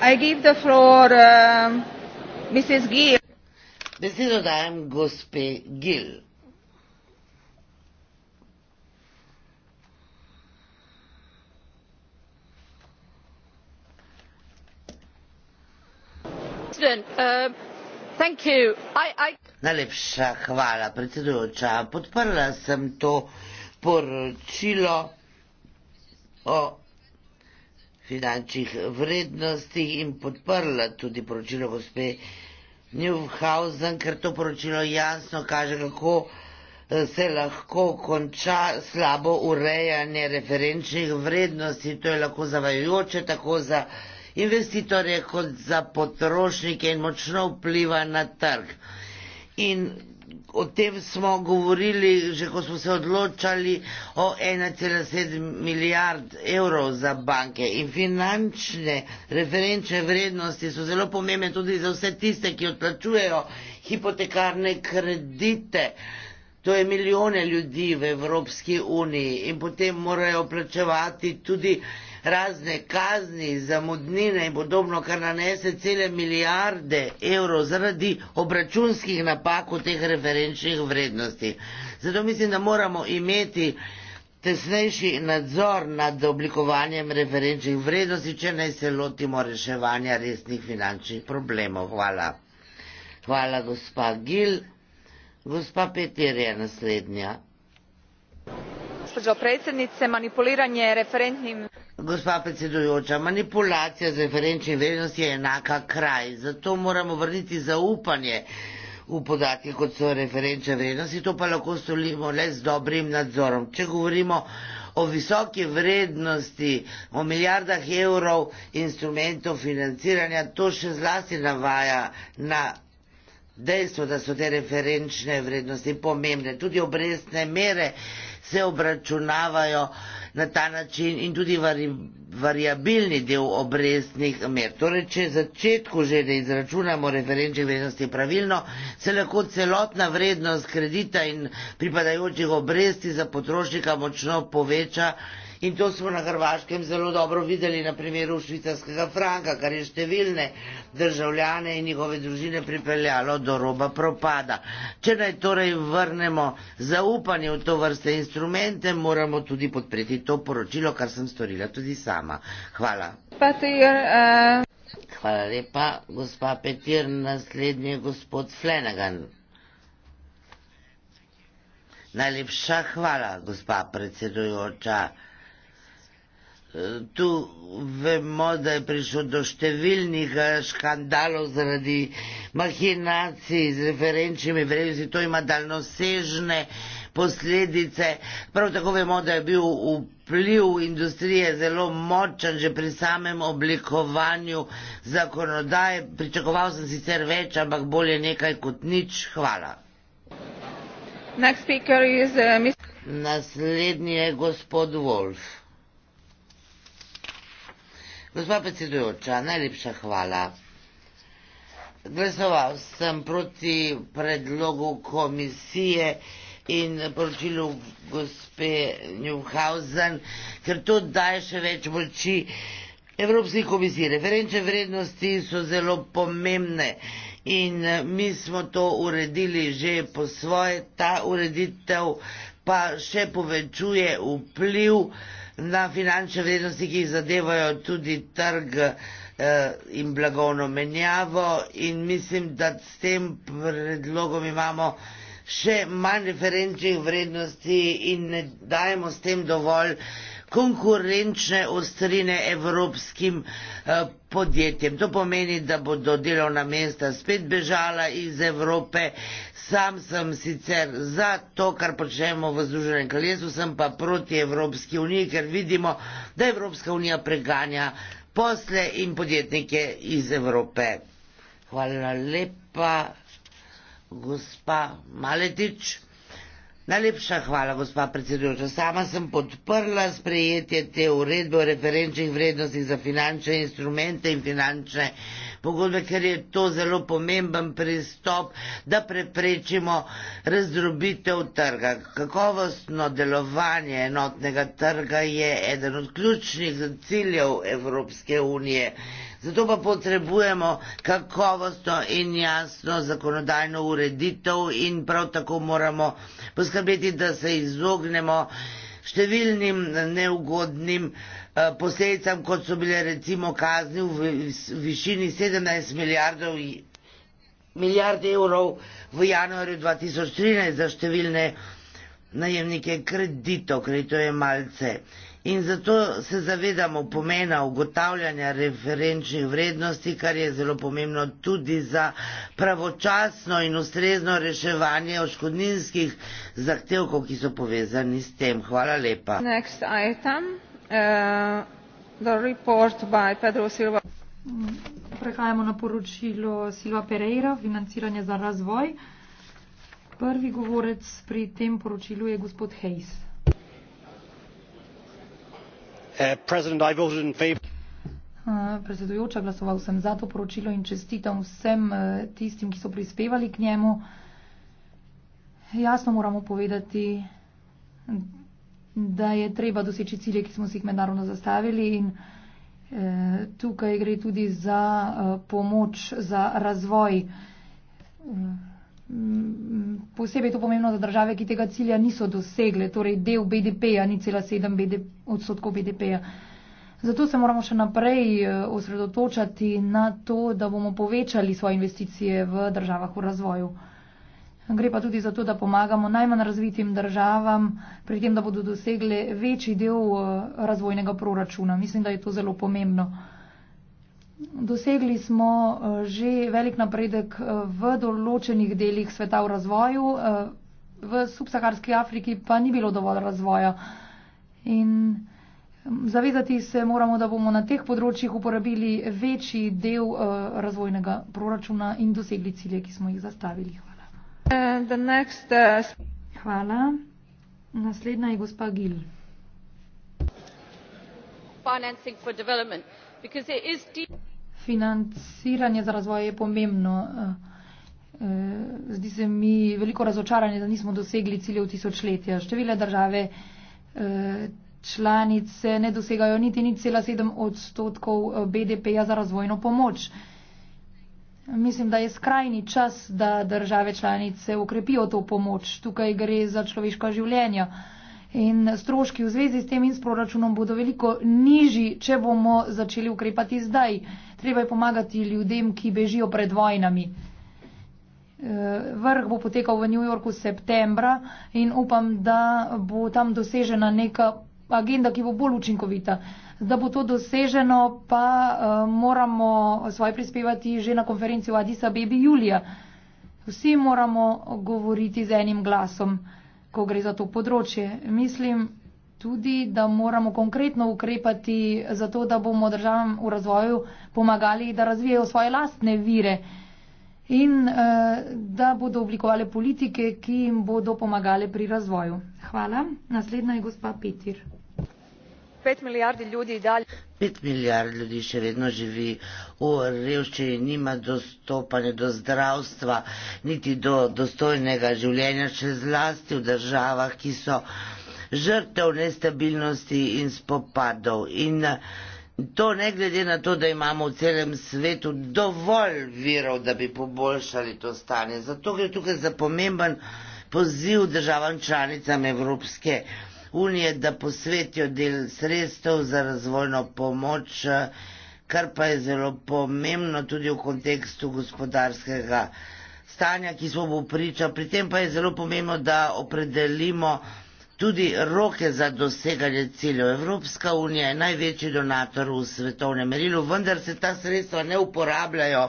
Um, Besedo dajem gospe Gil. Um, Najlepša hvala, predsedujoča. Podprla sem to poročilo o finančnih vrednosti in podprla tudi poročilo gospe Newhausen, ker to poročilo jasno kaže, kako eh, se lahko konča slabo urejanje referenčnih vrednosti. To je lahko zavajujoče tako za investitorje kot za potrošnike in močno vpliva na trg. In o tem smo govorili, že ko smo se odločali o 1,7 milijard evrov za banke in finančne referenčne vrednosti so zelo pomembne tudi za vse tiste, ki odplačujejo hipotekarne kredite. To je milijone ljudi v Evropski uniji in potem morajo plačevati tudi razne kazni, zamudnine in podobno, kar nanese cele milijarde evrov zaradi obračunskih napak v teh referenčnih vrednosti. Zato mislim, da moramo imeti tesnejši nadzor nad oblikovanjem referenčnih vrednosti, če naj se lotimo reševanja resnih finančnih problemov. Hvala. Hvala, gospa Gil. Gospa Petir je naslednja gospa predsedujoča manipulacija z referenčnim vrednostjo je enaka kraj zato moramo vrniti zaupanje v podatke kot so referenčne vrednosti to pa lahko storimo le z dobrim nadzorom če govorimo o visoki vrednosti, o milijardah evrov instrumentov financiranja, to še zlasti navaja na dejstvo, da so te referenčne vrednosti pomembne, tudi obrestne mere se obračunavajo na ta način in tudi vari, variabilni del obrestnih mer. Torej, če začetku že ne izračunamo referenčne vrednosti pravilno, se lahko celotna vrednost kredita in pripadajočih obresti za potrošnika močno poveča In to smo na Hrvaškem zelo dobro videli na primeru švicarskega franka, kar je številne državljane in njihove družine pripeljalo do roba propada. Če naj torej vrnemo zaupanje v to vrste instrumente, moramo tudi podpreti to poročilo, kar sem storila tudi sama. Hvala. Hvala lepa, gospa Petir, naslednji je gospod Flenagan. Najlepša hvala, gospa predsedujoča tu vemo, da je prišlo do številnih eh, škandalov zaradi mahinacij z referenčnimi vrednosti, to ima daljnosežne posledice. Prav tako vemo, da je bil vpliv industrije zelo močan že pri samem oblikovanju zakonodaje. Pričakoval sem sicer več, ampak bolje nekaj kot nič. Hvala. Eh, Naslednji je gospod Wolf. Gospa predsedujoča, najlepša hvala. Glasoval sem proti predlogu komisije in poročilu gospe Newhausen, ker to daje še več moči Evropski komisiji. Referenčne vrednosti so zelo pomembne in mi smo to uredili že po svoje. Ta ureditev pa še povečuje vpliv na finančne vrednosti, ki jih zadevajo tudi trg eh, in blagovno menjavo in mislim, da s tem predlogom imamo še manj referenčnih vrednosti in ne dajemo s tem dovolj uh, konkurenčne ostrine evropskim eh, podjetjem. To pomeni, da bodo delovna mesta spet bežala iz Evrope. Sam sem sicer za to, kar počnemo v Združenem kraljestvu, sem pa proti Evropski uniji, ker vidimo, da Evropska unija preganja posle in podjetnike iz Evrope. Hvala lepa, gospa Maletič. Najlepša hvala, gospa predsedujoča. Sama sem podprla sprejetje te uredbe o referenčnih vrednostih za finančne instrumente in finančne pogodbe, ker je to zelo pomemben pristop, da preprečimo razdrobitev trga. Kakovostno delovanje enotnega trga je eden od ključnih ciljev Evropske unije Zato pa potrebujemo kakovostno in jasno zakonodajno ureditev in prav tako moramo poskrbeti, da se izognemo številnim neugodnim eh, posledicam, kot so bile recimo kazni v višini 17 milijardov milijard evrov v januarju 2013 za številne najemnike kreditov, kreditojemalce. malce. In zato se zavedamo pomena ugotavljanja referenčnih vrednosti, kar je zelo pomembno tudi za pravočasno in ustrezno reševanje oškodninskih zahtevkov, ki so povezani s tem. Hvala lepa. Eh, Prehajamo na poročilo Silva Pereira, financiranje za razvoj. Prvi govorec pri tem poročilu je gospod Hayes. Uh, uh, predsedujoča glasoval sem za to poročilo in čestitam vsem uh, tistim, ki so prispevali k njemu. Jasno moramo povedati, da je treba doseči cilje, ki smo si jih mednarodno zastavili in tukaj gre tudi za pomoč za razvoj Mm, posebej to pomembno za države, ki tega cilja niso dosegle, torej del BDP-ja, ni cela sedem BDP, odstotkov BDP-ja. Zato se moramo še naprej eh, osredotočati na to, da bomo povečali svoje investicije v državah v razvoju. Gre pa tudi za to, da pomagamo najmanj razvitim državam pri tem, da bodo dosegle večji del eh, razvojnega proračuna. Mislim, da je to zelo pomembno. Dosegli smo eh, že velik napredek eh, v določenih delih sveta v razvoju, eh, v subsaharski Afriki pa ni bilo dovolj razvoja. In mm, zavezati se moramo, da bomo na teh področjih uporabili večji del razvojnega proračuna in dosegli cilje, ki smo jih zastavili. Hvala. Uh, next, uh... Hvala. Naslednja je gospa Gil. Financing for development. Because it is deep financiranje za razvoj je pomembno. Eh, eh, zdi se mi veliko razočaranje, da nismo dosegli ciljev tisočletja. Števile države eh, članice ne dosegajo niti ni cela sedem odstotkov BDP-ja za razvojno pomoč. Mislim, da je skrajni čas, da države članice ukrepijo to pomoč. Tukaj gre za človeška življenja. In stroški v zvezi s tem in s proračunom bodo veliko nižji, če bomo začeli ukrepati zdaj treba je pomagati ljudem, ki bežijo pred vojnami. E, vrh bo potekal v New Yorku septembra in upam, da bo tam dosežena neka agenda, ki bo bolj učinkovita. Da bo to doseženo, pa e, moramo svoje prispevati že na konferenci v Addis Abebi julija. Vsi moramo govoriti z enim glasom, ko gre za to področje. Mislim, tudi, da moramo konkretno ukrepati za to, da bomo državam v razvoju pomagali, da razvijajo svoje lastne vire in eh, da bodo oblikovali politike, ki jim bodo pomagali pri razvoju. Hvala. Naslednja je gospa Petir. Pet milijard ljudi je dalje. Pet milijard ljudi še vedno živi v revščini, nima dostopanja do zdravstva, niti do dostojnega življenja, še zlasti v državah, ki so žrtev nestabilnosti in spopadov. In eh, to ne glede na to, da imamo v celem svetu dovolj virov, da bi poboljšali to stanje. Zato gre tukaj za pomemben poziv državam članicam Evropske unije, da posvetijo del sredstev za razvojno pomoč, eh, kar pa je zelo pomembno tudi v kontekstu gospodarskega stanja, ki smo mu priča. Pri tem pa je zelo pomembno, da opredelimo Tudi roke za doseganje ciljev. Evropska unija je največji donator v svetovnem merilu, vendar se ta sredstva ne uporabljajo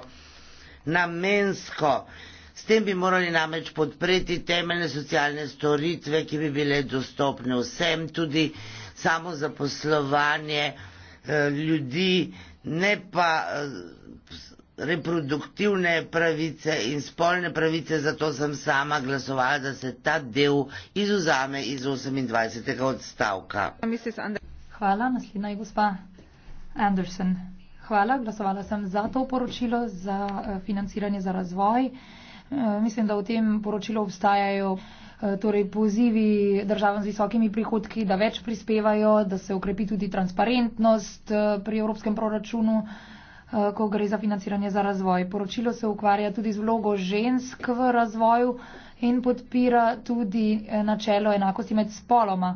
namensko. S tem bi morali namreč podpreti temeljne socialne storitve, ki bi bile dostopne vsem, tudi samo zaposlovanje eh, ljudi, ne pa eh, reproduktivne pravice in spolne pravice, zato sem sama glasovala, da se ta del izuzame iz 28. odstavka. Hvala, naslednja je gospa Anderson. Hvala, glasovala sem za to poročilo, za eh, financiranje za razvoj. Eh, mislim, da v tem poročilu obstajajo eh, torej, pozivi državam z visokimi prihodki, da več prispevajo, da se ukrepi tudi transparentnost pri evropskem proračunu. Eh, ko gre za financiranje za razvoj. Poročilo se ukvarja tudi z vlogo žensk v razvoju in podpira tudi eh, načelo enakosti med spoloma.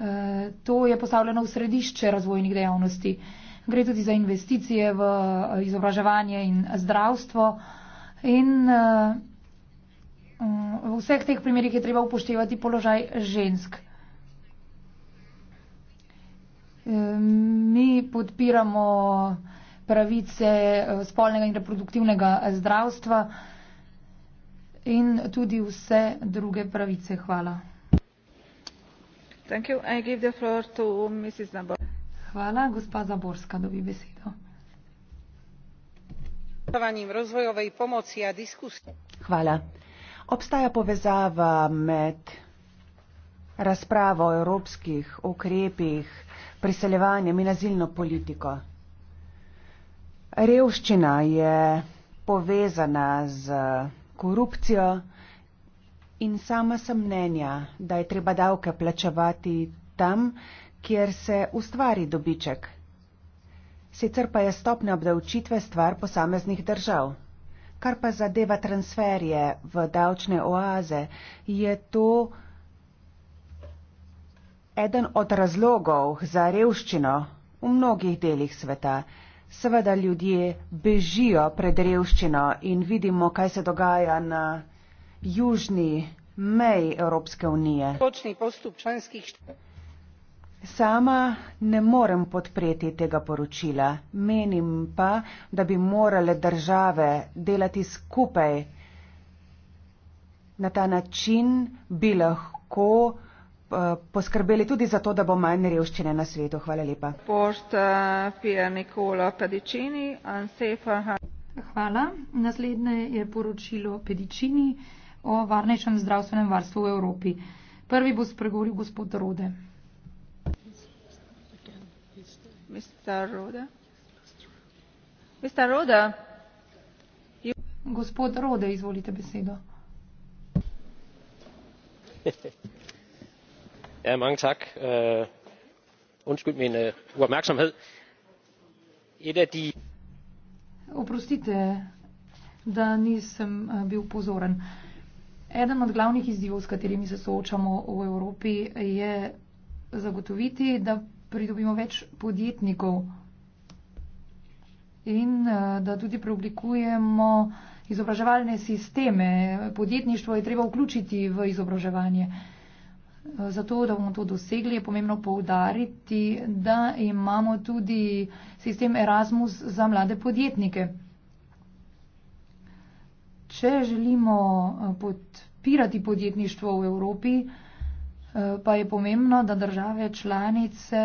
Eh, to je postavljeno v središče razvojnih dejavnosti. Gre tudi za investicije v izobraževanje in zdravstvo. In v vseh teh primerjih je treba upoštevati položaj žensk. Mi podpiramo pravice eh, spolnega in reproduktivnega zdravstva in tudi vse druge pravice. Hvala. Hvala, gospa Zaborska, dobi besedo. Hvala. Obstaja povezava med razpravo o evropskih ukrepih, priseljevanjem in azilno politiko. Revščina je povezana z korupcijo in sama sem mnenja, da je treba davke plačevati tam, kjer se ustvari dobiček. Sicer pa je stopna obdavčitve stvar posameznih držav. Kar pa zadeva transferje v davčne oaze, je to eden od razlogov za revščino v mnogih delih sveta. Seveda ljudje bežijo pred revščino in vidimo, kaj se dogaja na južni meji Evropske unije. Sama ne morem podpreti tega poročila. Menim pa, da bi morale države delati skupaj. Na ta način bi lahko poskrbeli tudi za to, da bo manj revščine na svetu. Hvala lepa. Eh, Hvala. Naslednje je poročilo Pedičini o varnejšem zdravstvenem varstvu v Evropi. Prvi bo spregovoril gospod Rode. Mr. Rode. Mr. Rode. You... Gospod Rode, izvolite besedo. Ja, mange tak øh, undskyld min øh, uopmærksomhed et af de oprostite da nisem eh, bil pozoren eden od glavnih izzivov s katerimi se soočamo v Evropi je zagotoviti da pridobimo več podjetnikov in eh, da tudi preoblikujemo izobraževalne sisteme. Podjetništvo je treba vključiti v izobraževanje. Zato, da bomo to dosegli, je pomembno povdariti, da imamo tudi sistem Erasmus za mlade podjetnike. Če želimo eh, podpirati podjetništvo v Evropi, eh, pa je pomembno, da države članice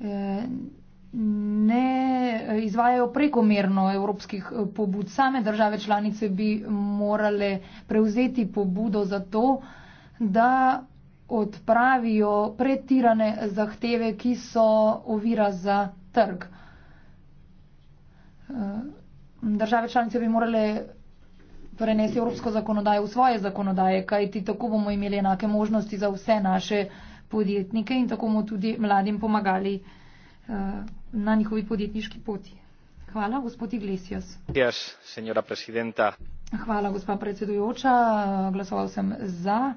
eh, ne izvajajo prekomerno evropskih pobud. Same države članice bi morale prevzeti pobudo za to, da da odpravijo pretirane zahteve, ki so ovira za trg. Eh, države članice bi morale prenesti evropsko zakonodajo v svoje zakonodaje, kajti tako bomo imeli enake možnosti za vse naše podjetnike in tako bomo tudi mladim pomagali eh, na njihovi podjetniški poti. Hvala, gospod Iglesias. Yes, Hvala, gospa predsedujoča. Glasoval sem za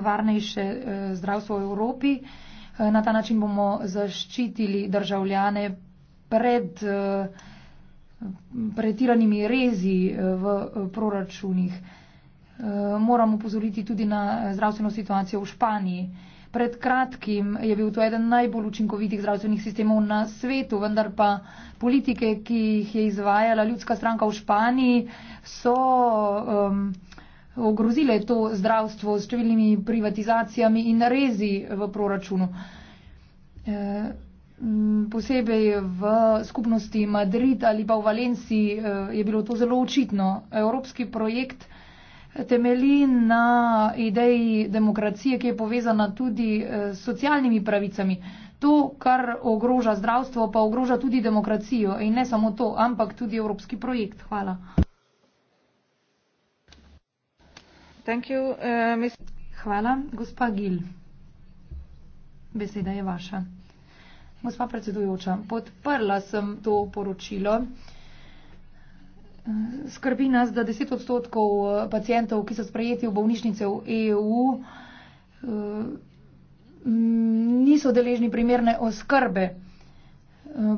varnejše eh, zdravstvo v Evropi. Eh, na ta način bomo zaščitili državljane pred eh, pretiranimi rezi v proračunih. Moramo upozoriti tudi na zdravstveno situacijo v Španiji. Pred kratkim je bil to eden najbolj učinkovitih zdravstvenih sistemov na svetu, vendar pa politike, ki jih je izvajala ljudska stranka v Španiji, so. Um, ogrozile to zdravstvo s številnimi privatizacijami in rezi v proračunu. E, posebej v skupnosti Madrid ali pa v Valenciji e, je bilo to zelo očitno. Evropski projekt temelji na ideji demokracije, ki je povezana tudi e, s socialnimi pravicami. To, kar ogroža zdravstvo, pa ogroža tudi demokracijo. In ne samo to, ampak tudi evropski projekt. Hvala. Uh, Hvala. Gospa Gil, beseda je vaša. Gospa predsedujoča, podprla sem to poročilo. Skrbi nas, da 10 odstotkov uh, pacijentov, ki so sprejeti v bolnišnice v EU, uh, niso deležni primerne oskrbe.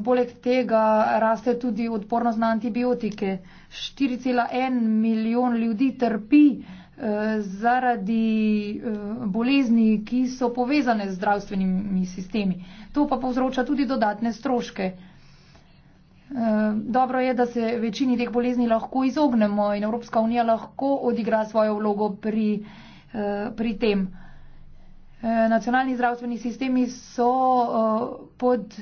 Poleg tega raste tudi odpornost na antibiotike. 4,1 milijon ljudi trpi zaradi eh, bolezni, ki so povezane z zdravstvenimi sistemi. To pa povzroča tudi dodatne stroške. Eh, dobro je, da se večini teh bolezni lahko izognemo in Evropska unija lahko odigra svojo vlogo pri, eh, pri tem. Nacionalni zdravstveni sistemi so pod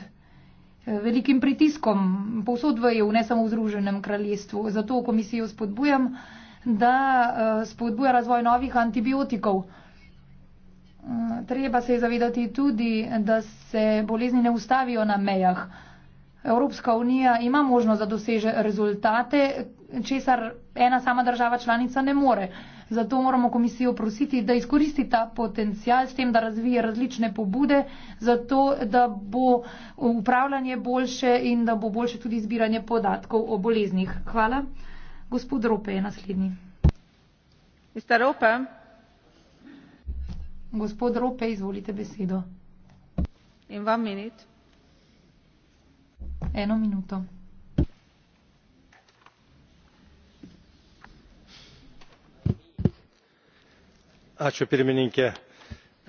velikim pritiskom, povsod v EU, ne samo v Združenem kraljestvu. Zato komisijo spodbujam, da eh, spodbuja razvoj novih antibiotikov. Eh, treba se zavedati tudi, da se bolezni ne ustavijo na mejah. Evropska unija ima možnost, da doseže rezultate, česar ena sama država članica ne more. Zato moramo komisijo prositi, da izkoristi ta potencial s tem, da razvije različne pobude, zato da bo upravljanje boljše in da bo boljše tudi zbiranje podatkov o boleznih. Hvala gospod rope je naslednji mister rope gospod rope izvolite besedo in vam minut eno minuto ačiū pirmininke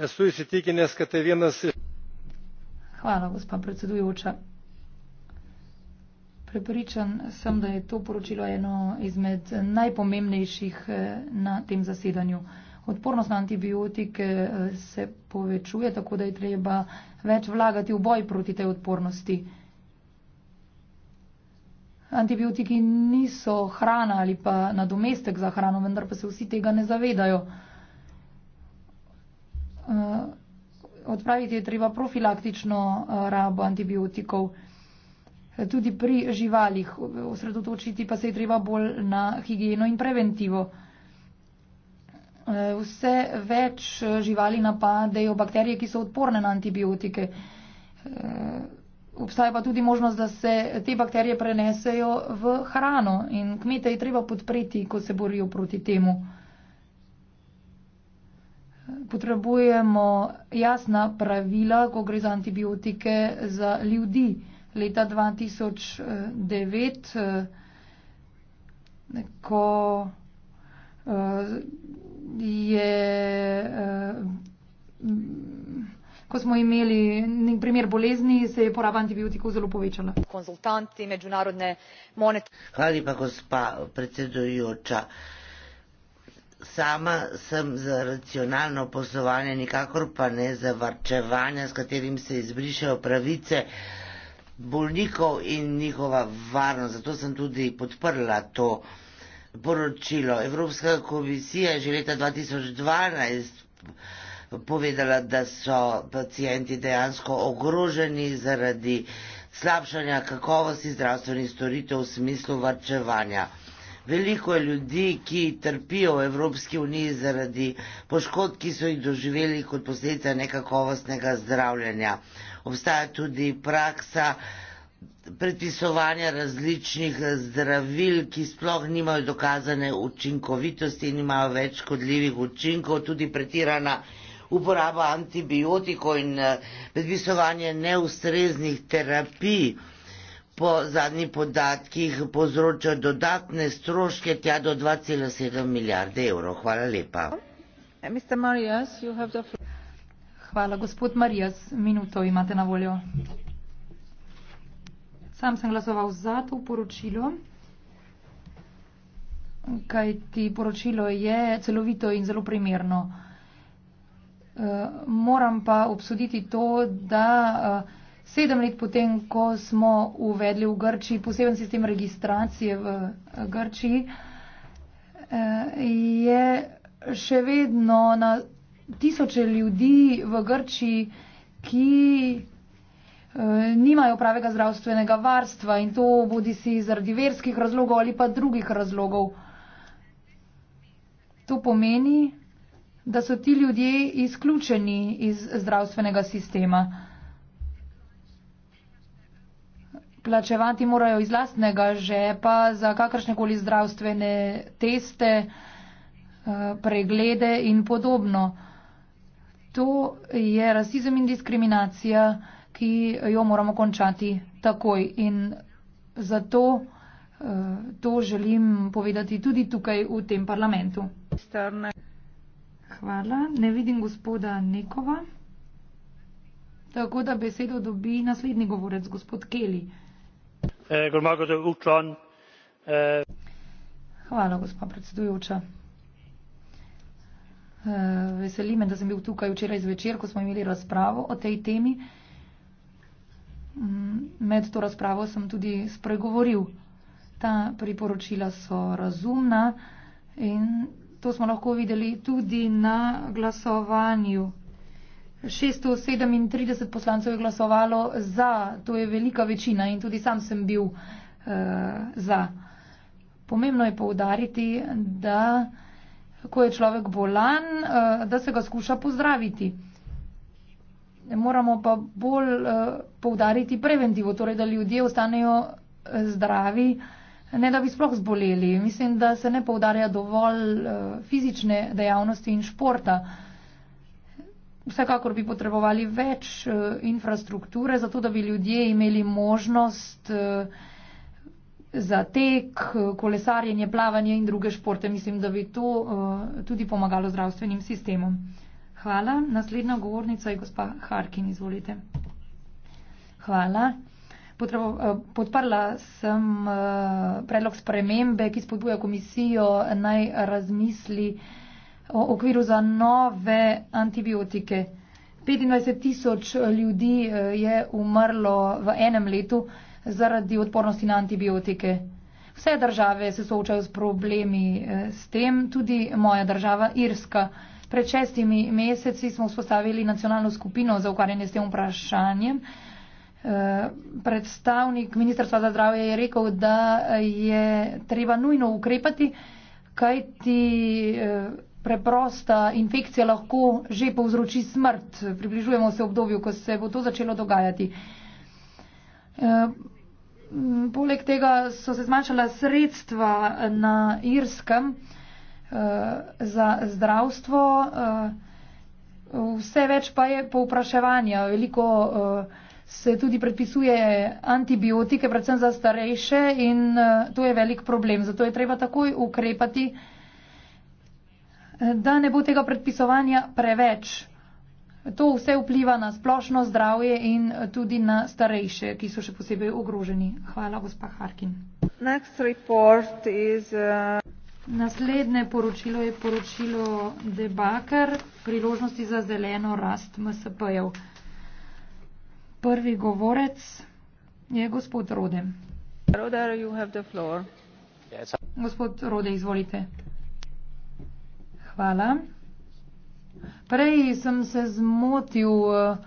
esu įsitikinęs kad tai vienas hvala gospa predsedujoča Prepričan sem, da je to poročilo eno izmed najpomembnejših eh, na tem zasedanju. Odpornost na antibiotike eh, se povečuje, tako da je treba več vlagati v boj proti tej odpornosti. Antibiotiki niso hrana ali pa nadomestek za hrano, vendar pa se vsi tega ne zavedajo. Eh, odpraviti je treba profilaktično rabo antibiotikov tudi pri živalih. Osredotočiti pa se je treba bolj na higieno in preventivo. Eh, vse več eh, živali napadejo bakterije, ki so odporne na antibiotike. Eh, obstaja pa tudi možnost, da se te bakterije prenesejo v hrano in kmete je treba podpreti, ko se borijo proti temu. Potrebujemo jasna pravila, ko gre za antibiotike za ljudi leta 2009, eh, eh, ko eh, je ko smo imeli nek primer bolezni, se je poraba antibiotikov zelo povečala. Konzultanti mednarodne monetarne. Hvala lepa, gospa predsedujoča. Sama sem za racionalno poslovanje, nikakor pa ne za varčevanje, s katerim se izbrišajo pravice bolnikov in njihova varnost. Zato sem tudi podprla to poročilo. Evropska komisija je že leta 2012 povedala, da so pacijenti dejansko ogroženi zaradi slabšanja kakovosti zdravstvenih storitev v smislu varčevanja. Veliko je ljudi, ki trpijo v Evropski uniji zaradi poškodb, ki so jih doživeli kot posledica nekakovostnega zdravljenja obstaja tudi praksa predpisovanja različnih zdravil, ki sploh nimajo dokazane učinkovitosti in imajo več škodljivih učinkov, tudi pretirana uporaba antibiotikov in eh, predpisovanje neustreznih terapij po zadnjih podatkih povzroča dodatne stroške tja do 2,7 milijarde evrov. Hvala lepa. Mr. Marias, you have the floor. Hvala. Gospod Marijas, minuto imate na voljo. Sam sem glasoval za to poročilo, kaj ti poročilo je celovito in zelo primerno. Eh, moram pa obsoditi to, da eh, sedem let potem, ko smo uvedli v Grči poseben sistem registracije v eh, Grči, je še vedno na tisoče ljudi v Grčiji, ki eh, nimajo pravega zdravstvenega varstva in to bodi si zaradi verskih razlogov ali pa drugih razlogov. To pomeni, da so ti ljudje izključeni iz zdravstvenega sistema. Plačevati morajo iz lastnega žepa za kakršnekoli zdravstvene teste, eh, preglede in podobno. To je rasizem in diskriminacija, ki jo moramo končati takoj. In zato eh, to želim povedati tudi tukaj v tem parlamentu. Hvala. Ne vidim gospoda Nekova. Tako da besedo dobi naslednji govorec, gospod Keli. Eh, Hvala, gospod predsedujoča. Eh, veseli me, da sem bil tukaj včeraj zvečer, ko smo imeli razpravo o tej temi. Mm, med to razpravo sem tudi spregovoril. Ta priporočila so razumna in to smo lahko videli tudi na glasovanju. 637 poslancev je glasovalo za, to je velika večina in tudi sam sem bil uh, za. Pomembno je poudariti, da uh, ko je človek bolan, eh, da se ga skuša pozdraviti. Moramo pa bolj eh, poudariti preventivo, torej da ljudje ostanejo eh, zdravi, ne da bi sploh zboleli. Mislim, da se ne poudarja dovolj fizične dejavnosti in športa. Vsekakor bi potrebovali več infrastrukture, zato da bi ljudje imeli možnost za tek, kolesarjenje, plavanje in druge športe. Mislim, da bi to uh, tudi pomagalo zdravstvenim sistemom. Hvala. Naslednja govornica je gospa Harkin. Izvolite. Hvala. Potrebo, eh, podparla sem eh, predlog spremembe, ki spodbuja komisijo naj razmisli o okviru za nove antibiotike. 25 tisoč ljudi je umrlo v enem letu zaradi odpornosti na antibiotike. Vse države se soočajo s problemi eh, s tem, tudi moja država Irska. Pred šestimi meseci smo vzpostavili nacionalno skupino za ukvarjanje s tem vprašanjem. Eh, predstavnik Ministrstva za zdravje je rekel, da je treba nujno ukrepati, kajti eh, preprosta infekcija lahko že povzroči smrt. Približujemo se obdobju, ko se bo to začelo dogajati. Eh, poleg tega so se zmanjšala sredstva na Irskem eh, za zdravstvo, eh, vse več pa je povpraševanja. Veliko se tudi predpisuje antibiotike, predvsem za starejše in to je velik problem. Zato je treba takoj ukrepati, da ne bo tega predpisovanja preveč. To vse vpliva na splošno zdravje in tudi na starejše, ki so še posebej ogroženi. Hvala, gospa Harkin. Next report is, uh... Naslednje poročilo je poročilo Debaker, priložnosti za zeleno rast MSP-jev. Prvi govorec je gospod Rode. Rode, you have the floor. Yes. Gospod Rode, izvolite. Hvala. Prej sem se zmotil, eh,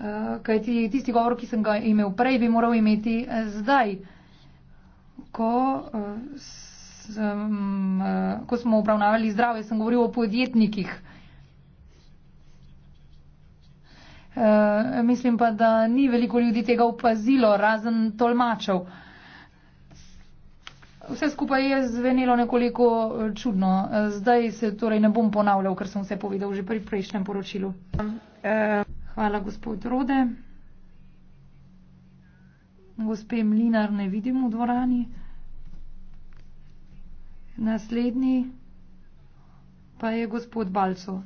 eh, kajti tisti govor, ki sem ga imel prej, bi moral imeti eh, zdaj. Ko, sem, ko smo obravnavali zdrave, sem govoril o podjetnikih. Mislim pa, da ni veliko ljudi tega opazilo, razen tolmačev. Vse skupaj je zvenelo nekoliko e, čudno. E, zdaj se torej ne bom ponavljal, ker sem vse povedal že pri prejšnjem poročilu. Um, e, hvala, gospod Rode. Gospe Mlinar ne vidim v dvorani. Naslednji pa je gospod Balco.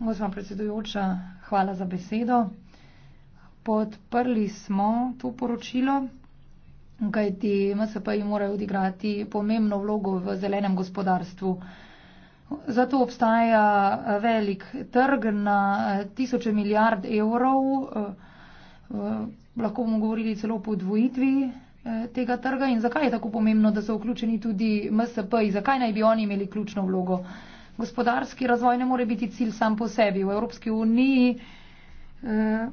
Gospa predsedujoča, hvala za besedo podprli smo to poročilo, kajti MSP-ji morajo odigrati pomembno vlogo v zelenem gospodarstvu. Zato obstaja velik trg na tisoče milijard evrov, eh, lahko bomo govorili celo o podvojitvi eh, tega trga in zakaj je tako pomembno, da so vključeni tudi MSP-ji, zakaj naj bi oni imeli ključno vlogo. Gospodarski razvoj ne more biti cilj sam po sebi. V Evropski uniji eh,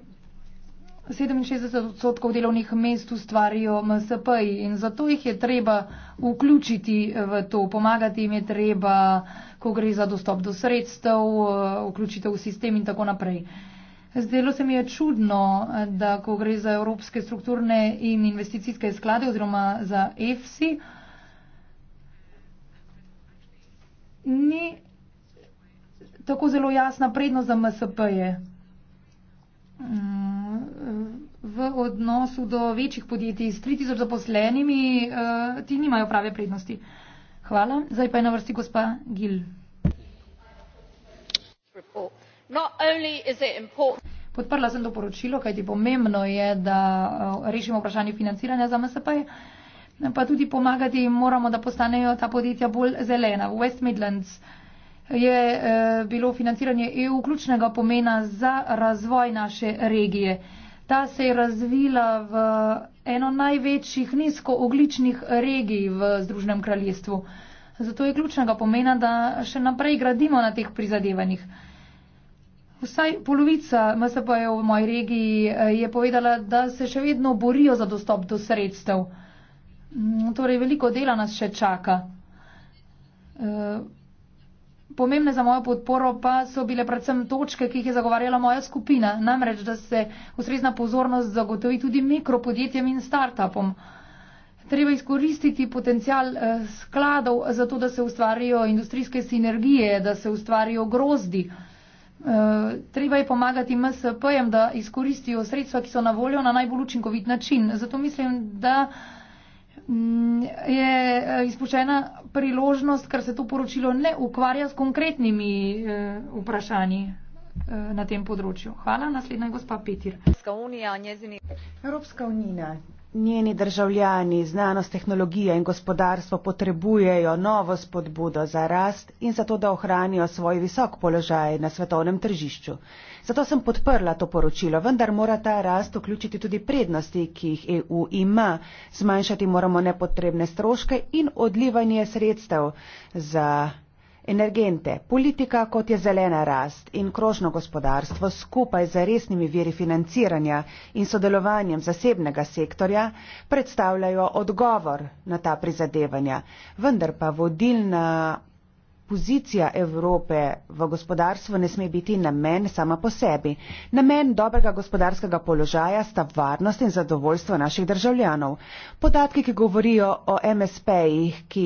67 odstotkov delovnih mest ustvarijo MSP in zato jih je treba vključiti v to, pomagati jim je treba, ko gre za dostop do sredstev, vključitev v sistem in tako naprej. Zdelo se mi je čudno, da ko gre za Evropske strukturne in investicijske sklade oziroma za EFSI, ni tako zelo jasna prednost za MSP-je. Mm v odnosu do večjih podjetij s 3000 zaposlenimi, eh, ti nimajo prave prednosti. Hvala. Zdaj pa je na vrsti gospa Gil. Podprla sem to poročilo, kajti pomembno je, da eh, rešimo vprašanje financiranja za MSP, pa tudi pomagati moramo, da postanejo ta podjetja bolj zelena. V West Midlands je eh, bilo financiranje EU ključnega pomena za razvoj naše regije. Ta se je razvila v eno največjih nizkoogličnih regij v Združenem kraljestvu. Zato je ključnega pomena, da še naprej gradimo na teh prizadevanjih. Vsaj polovica MSP-ja v moji regiji eh, je povedala, da se še vedno borijo za dostop do sredstev. Mm, torej, veliko dela nas še čaka. Eh, Pomembne za mojo podporo pa so bile predvsem točke, ki jih je zagovarjala moja skupina, namreč, da se ustrezna pozornost zagotovi tudi mikropodjetjem in startupom. Treba izkoristiti potencial eh, skladov za to, da se ustvarijo industrijske sinergije, da se ustvarijo grozdi. Eh, treba je pomagati MSP-jem, da izkoristijo sredstva, ki so na voljo na najbolj učinkovit način. Zato mislim, da Mm, je eh, izpuščena priložnost, ker se to poročilo ne ukvarja s konkretnimi eh, vprašanji eh, na tem področju. Hvala, naslednja je gospa Petir. Evropska unija, njezini... Evropska unija, njeni državljani, znanost, tehnologija in gospodarstvo potrebujejo novo spodbudo za rast in zato, da ohranijo svoj visok položaj na svetovnem tržišču. Zato sem podprla to poročilo, vendar mora ta rast vključiti tudi prednosti, ki jih EU ima. Zmanjšati moramo nepotrebne stroške in odlivanje sredstev za Energente, politika kot je zelena rast in krožno gospodarstvo skupaj z resnimi viri financiranja in sodelovanjem zasebnega sektorja predstavljajo odgovor na ta prizadevanja, vendar pa vodilna pozicija Evrope v gospodarstvu ne sme biti namen sama po sebi. Namen dobrega gospodarskega položaja sta varnost in zadovoljstvo naših državljanov. Podatki, ki govorijo o MSP-jih, ki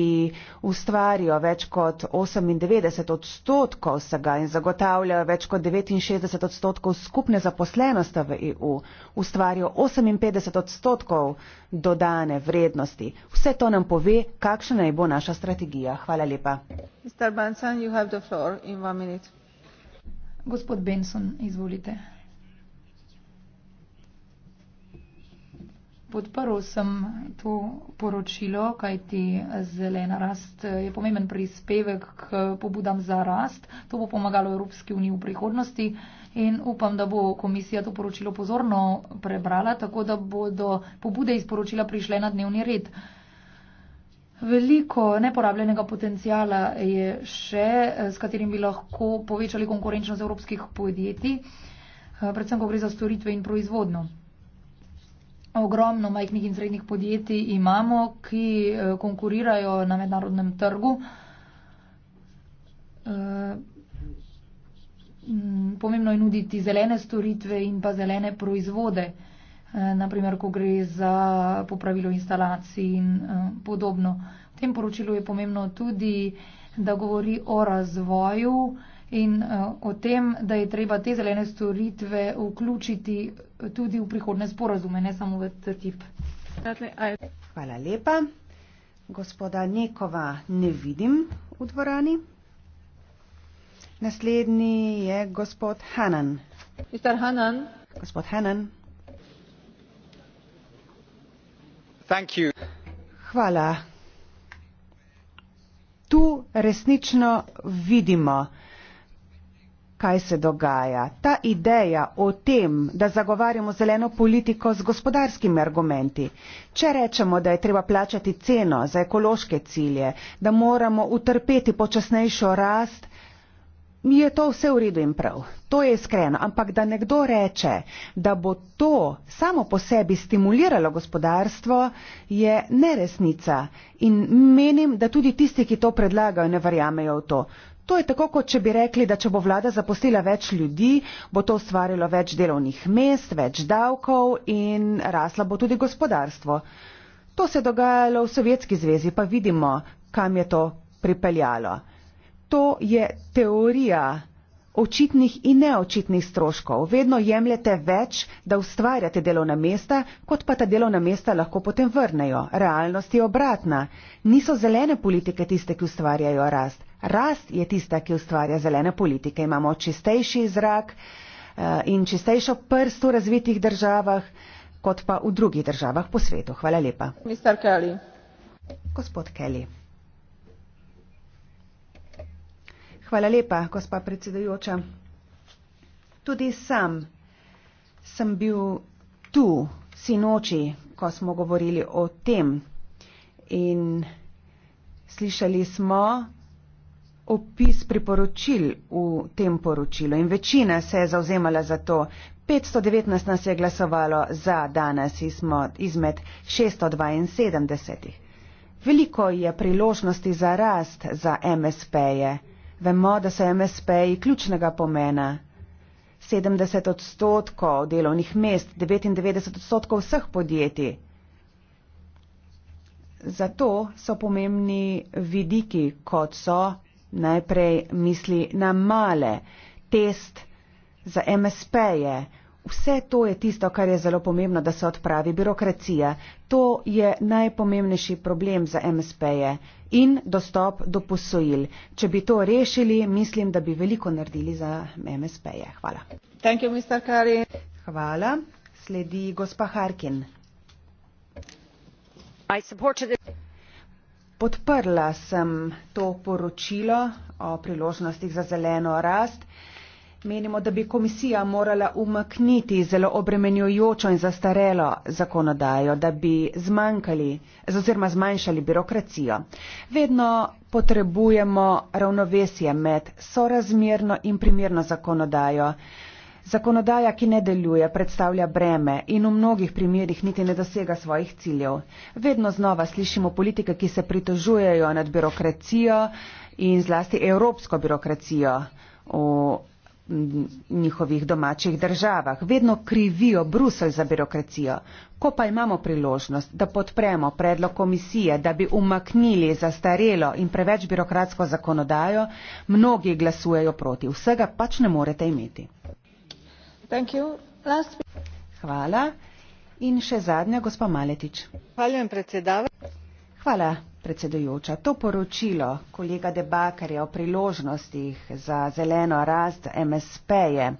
ustvarijo več kot 98 odstotkov vsega in zagotavljajo več kot 69 odstotkov skupne zaposlenosti v EU, ustvarijo 58 odstotkov dodane vrednosti. Vse to nam pove, kakšna naj bo naša strategija. Hvala lepa podprl sem to poročilo, kajti zelena rast je pomemben prispevek k pobudam za rast. To bo pomagalo Evropski uniji v prihodnosti in upam, da bo komisija to poročilo pozorno prebrala, tako da bodo pobude iz poročila prišle na dnevni red. Uh, Veliko neporabljenega potencijala je še, eh, s katerim bi lahko povečali konkurenčnost evropskih podjetij, eh, predvsem, ko gre za storitve in proizvodno. Ogromno majhnih in srednjih podjetij imamo, ki eh, konkurirajo na mednarodnem trgu. Pomembno je nuditi zelene storitve in pa zelene proizvode. Eh, naprimer, ko gre za popravilo instalacij in eh, podobno. V tem poročilu je pomembno tudi, da govori o razvoju in eh, o tem, da je treba te zelene storitve vključiti tudi v prihodne sporazume, ne samo v TTIP. Hvala lepa. Gospoda Nekova ne vidim v dvorani. Naslednji je gospod Hanan. Gospod Hanan. tu resnično vidimo kaj se dogaja ta ideja o tem da zagovarjamo zeleno politiko z gospodarskimi argumenti če rečemo da je treba plačati ceno za ekološke cilje da moramo utrpeti počasnejšo rast mi je to vse v redu in prav, to je iskreno, ampak da nekdo reče, da bo to samo po sebi stimuliralo gospodarstvo, je neresnica in menim, da tudi tisti, ki to predlagajo, ne verjamejo v to. To je tako, kot če bi rekli, da če bo vlada zaposlila več ljudi, bo to ustvarilo več delovnih mest, več davkov in rasla bo tudi gospodarstvo. To se je dogajalo v Sovjetski zvezi, pa vidimo, kam je to pripeljalo to je teorija očitnih in neočitnih stroškov. Vedno jemljete več, da ustvarjate delovna mesta, kot pa ta delovna mesta lahko potem vrnejo. Realnost je obratna. Niso zelene politike tiste, ki ustvarjajo rast. Rast je tista, ki ustvarja zelene politike. Imamo čistejši zrak eh, in čistejšo prst v razvitih državah, kot pa v drugih državah po svetu. Hvala lepa. Gospod Kelly. Hvala lepa, gospa predsedujoča. Tudi sam sem bil tu sinoči, ko smo govorili o tem in slišali smo opis priporočil v tem poročilu in večina se je zauzemala za to. 519 nas je glasovalo za danes in smo izmed 672. Veliko je priložnosti za rast za MSP-je. Vemo, da so MSP-ji ključnega pomena. 70 odstotkov delovnih mest, 99 odstotkov vseh podjetij. Zato so pomembni vidiki, kot so najprej misli na male, test za MSP-je. Vse to je tisto, kar je zelo pomembno, da se odpravi birokracija. To je najpomembnejši problem za MSP-je in dostop do posojil. Če bi to rešili, mislim, da bi veliko naredili za MSP-je. Hvala. You, Hvala. Sledi gospa Harkin. Podprla sem to poročilo o priložnostih za zeleno rast. Menimo, da bi komisija morala umakniti zelo obremenjujočo in zastarelo zakonodajo, da bi zmanjkali oziroma zmanjšali birokracijo. Vedno potrebujemo ravnovesje med sorazmerno in primerno zakonodajo. Zakonodaja, ki ne deluje, predstavlja breme in v mnogih primerjih niti ne dosega svojih ciljev. Vedno znova slišimo politike, ki se pritožujejo nad birokracijo in zlasti evropsko birokracijo njihovih domačih državah, vedno krivijo Bruselj za birokracijo. Ko pa imamo priložnost, da podpremo predlog komisije, da bi umaknili zastarelo in preveč birokratsko zakonodajo, mnogi glasujejo proti. Vsega pač ne morete imeti. Hvala. In še zadnja, gospod Maletič. Hvala, predsedava. Hvala predsedujoča. To poročilo kolega Debakarja o priložnostih za zeleno rast MSP-je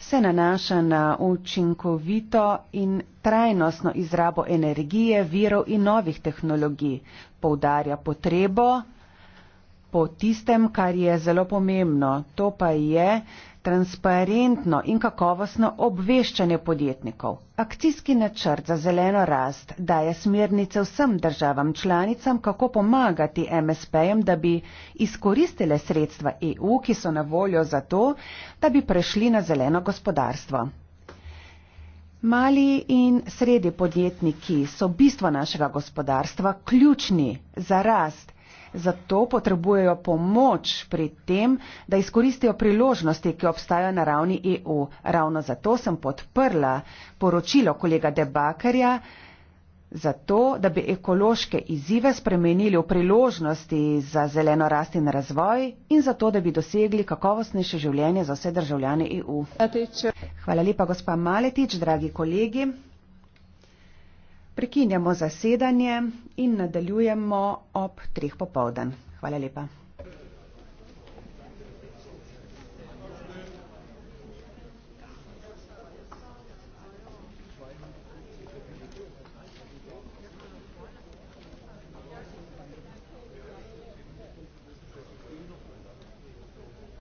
se nanaša na učinkovito in trajnostno izrabo energije, virov in novih tehnologij. Poudarja potrebo po tistem, kar je zelo pomembno. To pa je transparentno in kakovostno obveščanje podjetnikov. Akcijski načrt za zeleno rast daje smernice vsem državam članicam, kako pomagati MSP-jem, da bi izkoristile sredstva EU, ki so na voljo za to, da bi prešli na zeleno gospodarstvo. Mali in srednji podjetniki so bistvo našega gospodarstva, ključni za rast Zato potrebujejo pomoč pri tem, da izkoristijo priložnosti, ki obstajajo na ravni EU. Ravno zato sem podprla poročilo kolega Debakarja, zato, da bi ekološke izzive spremenili v priložnosti za zeleno rast in razvoj in zato, da bi dosegli kakovostnejše življenje za vse državljane EU. Hvala lepa, gospa Maletič, dragi kolegi. Prekinjamo zasedanje in nadaljujemo ob treh popovdan. Hvala lepa.